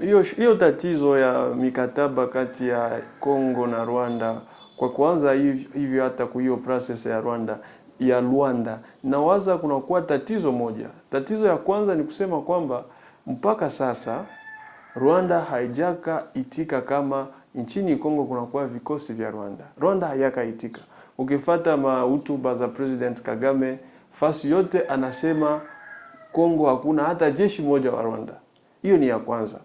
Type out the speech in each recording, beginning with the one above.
hiyo hiyo tatizo ya mikataba kati ya Kongo na Rwanda kwa kwanza hivyo hata kwa hiyo process ya Rwanda ya Rwanda nawaza kunakuwa tatizo moja. Tatizo ya kwanza ni kusema kwamba mpaka sasa Rwanda haijaka itika kama nchini Kongo kunakuwa vikosi vya Rwanda. Rwanda hayaka itika. Ukifata mahutuba za President Kagame fasi yote anasema Kongo hakuna hata jeshi moja wa Rwanda. Hiyo ni ya kwanza.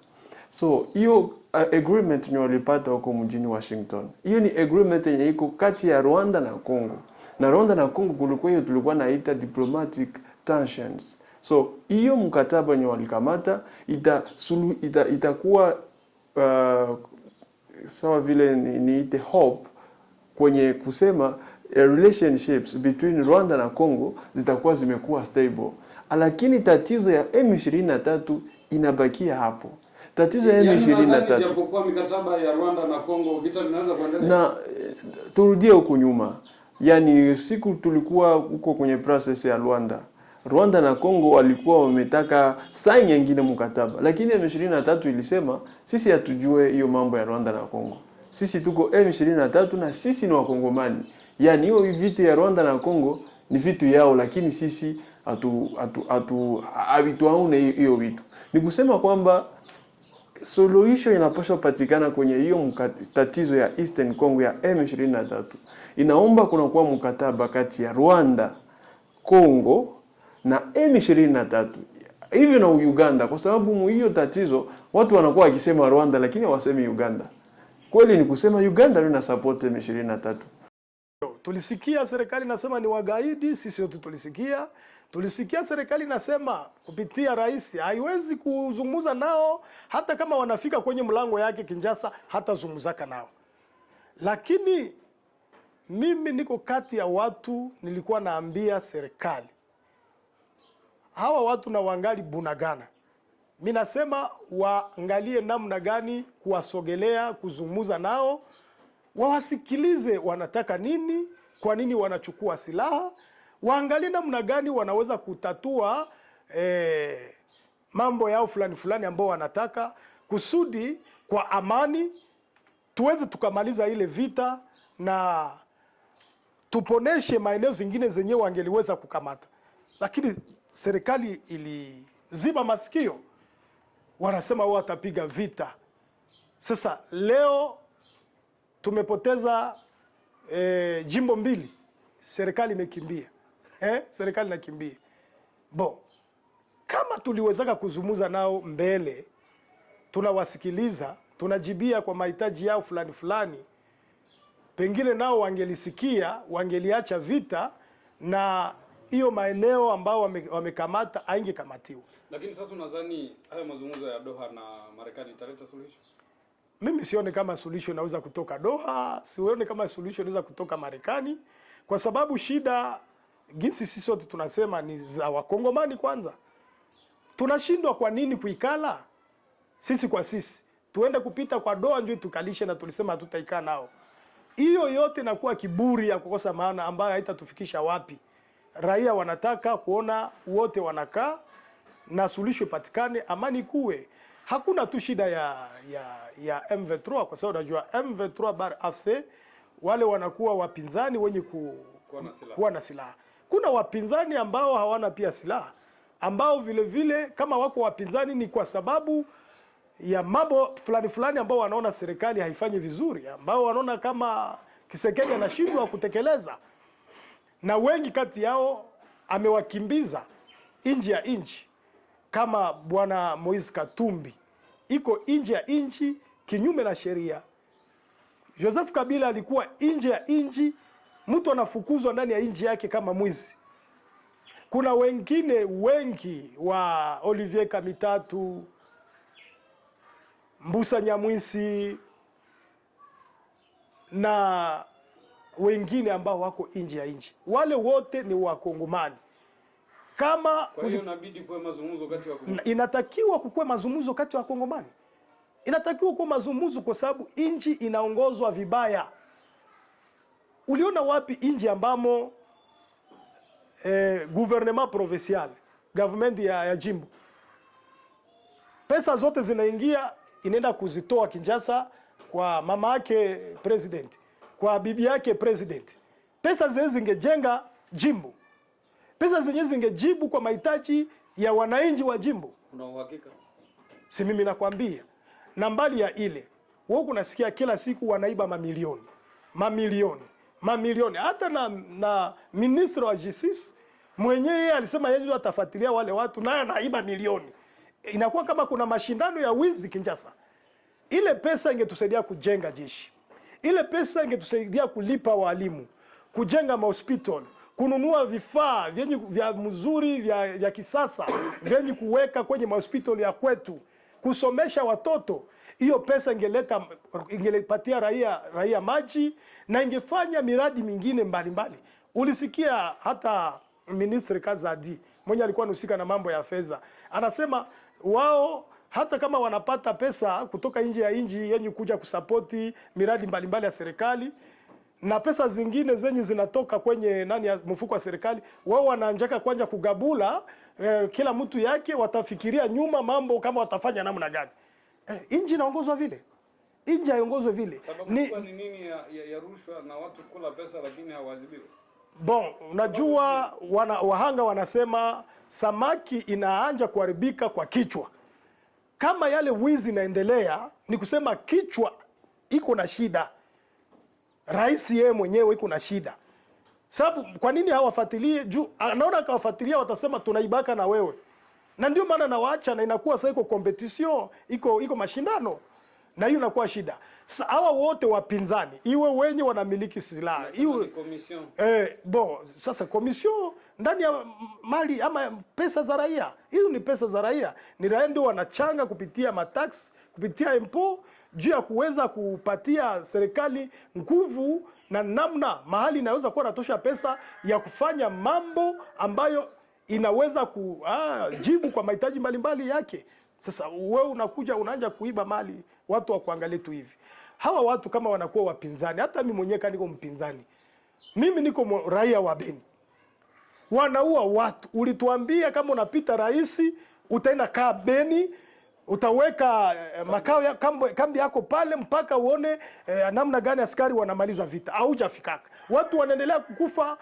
So hiyo uh, agreement ni walipata huko mjini Washington. Hiyo ni agreement yenye iko kati ya Rwanda na Congo, na Rwanda na Congo kulikuwa hiyo tulikuwa naita diplomatic tensions. So hiyo mkataba wenye walikamata itasulu ita, itakuwa uh, sawa vile niite ni hope kwenye kusema eh, relationships between Rwanda na Congo zitakuwa zimekuwa stable, lakini tatizo ya M23 inabakia hapo tatizo ya yaani M23 japokuwa mikataba ya Rwanda na Kongo vita vinaweza kuendelea. Na turudie huko nyuma, yaani siku tulikuwa huko kwenye process ya Rwanda Rwanda na Kongo walikuwa wametaka sign nyingine mkataba, lakini M23 ilisema sisi hatujue hiyo mambo ya Rwanda na Kongo, sisi tuko M23 na sisi ni Wakongomani. Yaani hiyo vitu ya Rwanda na Kongo ni vitu yao, lakini sisi hatu hatu hatu havituaune hiyo vitu. Ni kusema kwamba suluhisho inapaswa patikana kwenye hiyo tatizo ya Eastern Congo ya M23. Inaomba kunakuwa mkataba kati ya Rwanda, Congo na M23 hivyo na Uganda, kwa sababu hiyo tatizo watu wanakuwa wakisema Rwanda lakini hawasemi Uganda. Kweli ni kusema Uganda ndio inasupport M23. Tulisikia serikali nasema ni wagaidi, sisi wote tulisikia Tulisikia serikali nasema kupitia rais haiwezi kuzungumza nao, hata kama wanafika kwenye mlango yake kinjasa hatazungumzaka nao. Lakini mimi niko kati ya watu nilikuwa naambia serikali hawa watu na wangali Bunagana, mi nasema waangalie namna gani kuwasogelea, kuzungumza nao, wawasikilize wanataka nini, kwa nini wanachukua silaha waangalie namna gani wanaweza kutatua eh, mambo yao fulani fulani ambao wanataka kusudi kwa amani tuweze tukamaliza ile vita na tuponeshe maeneo zingine zenyewe wangeliweza kukamata, lakini serikali iliziba masikio, wanasema wao watapiga vita. Sasa leo tumepoteza e, jimbo mbili, serikali imekimbia eh, serikali nakimbie bo. Kama tuliwezaka kuzumuza nao mbele, tunawasikiliza, tunajibia kwa mahitaji yao fulani fulani, pengine nao wangelisikia, wangeliacha vita na hiyo maeneo ambao wamekamata wame aingekamatiwa. Lakini sasa unadhani haya mazungumzo ya Doha na Marekani italeta suluhisho? Mimi sione kama suluhisho inaweza kutoka Doha, sione kama suluhisho inaweza kutoka Marekani kwa sababu shida jinsi sisi sote tunasema ni za Wakongomani kwanza, tunashindwa kwa nini kuikala sisi kwa sisi, tuende kupita kwa doa njoo tukalishe, na tulisema hatutaikaa nao. Hiyo yote inakuwa kiburi ya kukosa maana ambayo haitatufikisha wapi. Raia wanataka kuona wote wanakaa na suluhisho ipatikane, amani kuwe. Hakuna tu shida ya ya ya M23 kwa sababu unajua M23 bar afse wale wanakuwa wapinzani wenye ku, kuwa na silaha kuna wapinzani ambao hawana pia silaha ambao vile vile kama wako wapinzani ni kwa sababu ya mambo fulani fulani ambao wanaona serikali haifanyi vizuri, ambao wanaona kama Kisekedi anashindwa kutekeleza, na wengi kati yao amewakimbiza nje ya nchi, kama bwana Moise Katumbi iko nje ya nchi kinyume na sheria. Joseph Kabila alikuwa nje ya nchi mtu anafukuzwa ndani ya nchi yake kama mwizi. Kuna wengine wengi wa Olivier Kamitatu, Mbusa Nyamwisi na wengine ambao wako nje ya nchi, wale wote ni Wakongomani. Kama kwa hiyo inabidi kuwe mazungumzo kati ya Wakongomani, inatakiwa kukuwe mazungumzo kati ya Wakongomani, inatakiwa kuwe mazungumzo kwa sababu nchi inaongozwa vibaya uliona wapi inji ambamo eh, gouvernement provincial government ya, ya jimbo pesa zote zinaingia inaenda kuzitoa Kinshasa kwa mama yake president, kwa bibi yake president. Pesa zenye zingejenga jimbo, pesa zenye zingejibu kwa mahitaji ya wananchi wa jimbo, una uhakika? Si mimi nakwambia. Na mbali ya ile, wewe kunasikia kila siku wanaiba mamilioni mamilioni mamilioni. Hata na, na ministre wa justice mwenyewe yeye alisema yeye ndio atafuatilia wale watu, naye anaiba milioni. Inakuwa kama kuna mashindano ya wizi Kinshasa. Ile pesa ingetusaidia kujenga jeshi, ile pesa ingetusaidia kulipa walimu, kujenga mahospitali kununua vifaa vyenye vya mzuri vya, vya kisasa vyenye kuweka kwenye mahospitali ya kwetu, kusomesha watoto. Hiyo pesa ingeleta ingelepatia raia raia maji, na ingefanya miradi mingine mbalimbali. mbali. Ulisikia hata ministri Kazadi mwenye alikuwa anahusika na mambo ya fedha anasema wao hata kama wanapata pesa kutoka nje ya nchi yenye kuja kusapoti miradi mbalimbali mbali ya serikali na pesa zingine zenye zinatoka kwenye nani ya mfuko wa serikali, wao wanaanjaka kwanja kugabula eh, kila mtu yake, watafikiria nyuma mambo kama watafanya namna gani eh, nchi inaongozwa vile nchi haiongozwe vile. Sababu ni, ni nini ya, ya, ya rushwa na watu kula pesa lakini hawaadhibiwi? Bon, unajua wana, wahanga wanasema samaki inaanja kuharibika kwa kichwa. Kama yale wizi inaendelea, ni kusema kichwa iko na shida, rais yeye mwenyewe iko na shida. Sababu kwa nini hawafuatilie? Juu anaona akawafuatilia, watasema tunaibaka na wewe, na ndio maana nawaacha, na inakuwa sasa iko competition, iko iko mashindano na hiyo inakuwa shida. Hawa wote wapinzani, iwe wenye wanamiliki silaha iwe eh, bon sasa commission ndani ya mali ama pesa za raia, hizo ni pesa za raia, ni raia ndio wanachanga kupitia matax, kupitia impo juu ya kuweza kupatia serikali nguvu na namna mahali inaweza kuwa natosha pesa ya kufanya mambo ambayo inaweza kujibu ah, kwa mahitaji mbalimbali yake. Sasa wewe unakuja unaanza kuiba mali watu wa kuangalia tu hivi. Hawa watu kama wanakuwa wapinzani, hata mimi mwenyewe kama niko mpinzani, mimi niko raia wa Beni, wanaua watu. Ulituambia kama unapita rais utaenda kaa Beni utaweka eh, makao ya kambi, kambi yako pale mpaka uone eh, namna gani askari wanamalizwa vita. Haujafikaka, watu wanaendelea kukufa,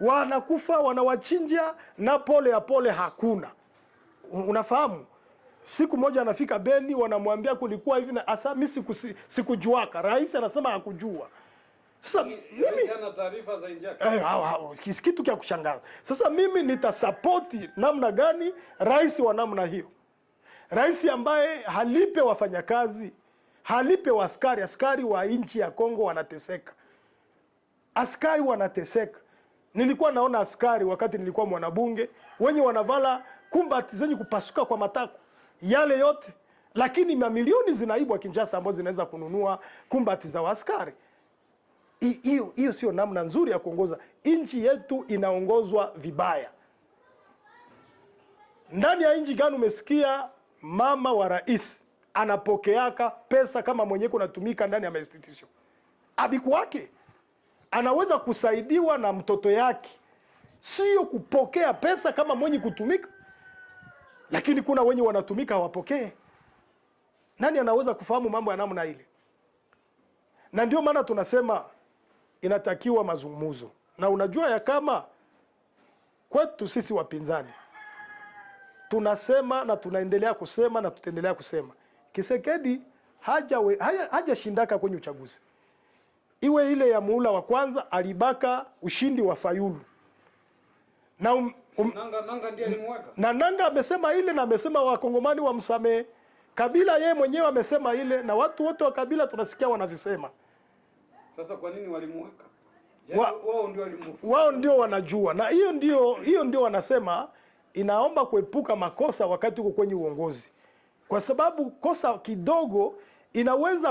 wanakufa wanawachinja, na pole ya pole hakuna. Unafahamu Siku moja anafika Beni, wanamwambia kulikuwa hivi na asa, mimi siku sikujuaka. Rais anasema hakujua. Sasa mimi ana taarifa za injaka eh, hao hao, kitu cha kushangaza. Sasa mimi nitasapoti namna gani rais wa namna hiyo? Rais ambaye halipe wafanyakazi, halipe waskari, askari wa nchi ya Kongo wanateseka, askari wanateseka. Nilikuwa naona askari wakati nilikuwa mwanabunge wenye wanavala kumbati zenye kupasuka kwa matako yale yote, lakini mamilioni zinaibwa Kinshasa, ambazo zinaweza kununua kumbati za waaskari. Hiyo sio namna nzuri ya kuongoza nchi yetu, inaongozwa vibaya. Ndani ya nchi gani umesikia mama wa rais anapokeaka pesa kama mwenye kunatumika ndani ya mainstitution? Abiku wake anaweza kusaidiwa na mtoto yake, sio kupokea pesa kama mwenye kutumika lakini kuna wenye wanatumika hawapokee. Nani anaweza kufahamu mambo ya namna ile? Na ndio maana tunasema inatakiwa mazungumzo, na unajua ya kama kwetu sisi wapinzani tunasema na tunaendelea kusema na tutaendelea kusema Kisekedi hajashindaka haja, haja shindaka kwenye uchaguzi, iwe ile ya muhula wa kwanza, alibaka ushindi wa Fayulu na, um, um, nanga, nanga ndiye alimweka na nanga amesema ile na amesema wakongomani wamsamehe Kabila yeye mwenyewe amesema ile na watu wote wa Kabila tunasikia wanavisema. Sasa kwa nini walimweka? Yaani wa, ndio walimweka. Wao ndio wanajua na hiyo ndio hiyo ndio wanasema inaomba kuepuka makosa wakati uko kwenye uongozi, kwa sababu kosa kidogo inaweza